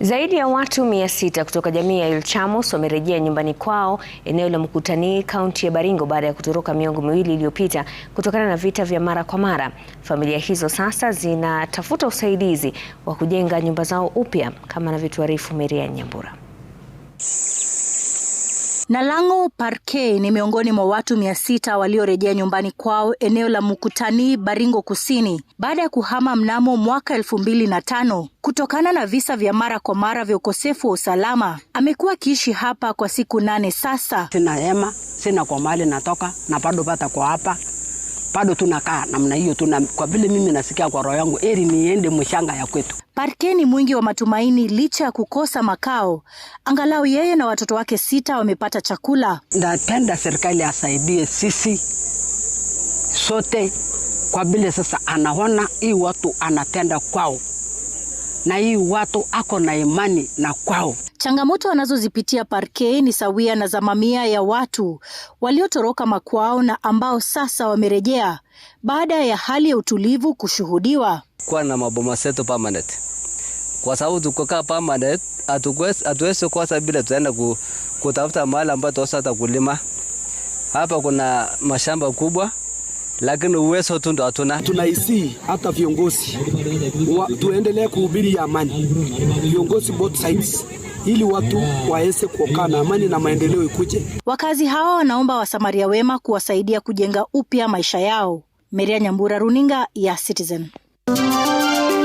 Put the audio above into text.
Zaidi ya watu mia sita kutoka jamii ya Ilchamus wamerejea nyumbani kwao eneo la Mkutani, kaunti ya Baringo baada ya kutoroka miongo miwili iliyopita kutokana na vita vya mara kwa mara. Familia hizo sasa zinatafuta usaidizi wa kujenga nyumba zao upya kama anavyotuarifu Maria Nyambura. Nalango Parke ni miongoni mwa watu mia sita waliorejea nyumbani kwao eneo la Mukutani, Baringo Kusini baada ya kuhama mnamo mwaka elfu mbili na tano kutokana na visa vya mara kwa mara vya ukosefu wa usalama. Amekuwa akiishi hapa kwa siku nane sasa. Sina hema, sina kwa mali natoka na bado pata kwa hapa bado tunakaa namna hiyo tuna, kwa vile mimi nasikia kwa roho yangu eri niende mshanga ya kwetu. Parke ni mwingi wa matumaini licha ya kukosa makao, angalau yeye na watoto wake sita wamepata chakula. Napenda serikali asaidie sisi sote, kwa vile sasa anaona hii watu anatenda kwao na hii watu ako na imani na kwao. Changamoto wanazozipitia Parke ni sawia na za mamia ya watu waliotoroka makwao na ambao sasa wamerejea baada ya hali ya utulivu kushuhudiwa. Kuwa na maboma setu permanent, kwa sababu tukokaa permanent hatuwezi kosa bila tutaenda kutafuta mahali ambayo tutaweza hata kulima. Hapa kuna mashamba kubwa lakini uwezo tu ndo hatuna. Tunahisi hata viongozi tuendelee kuhubiri ya amani, viongozi both sides ili watu waweze kuokaa na amani na maendeleo ikuje. Wakazi hawa wanaomba wasamaria wema kuwasaidia kujenga upya maisha yao. Meria Nyambura, runinga ya Citizen.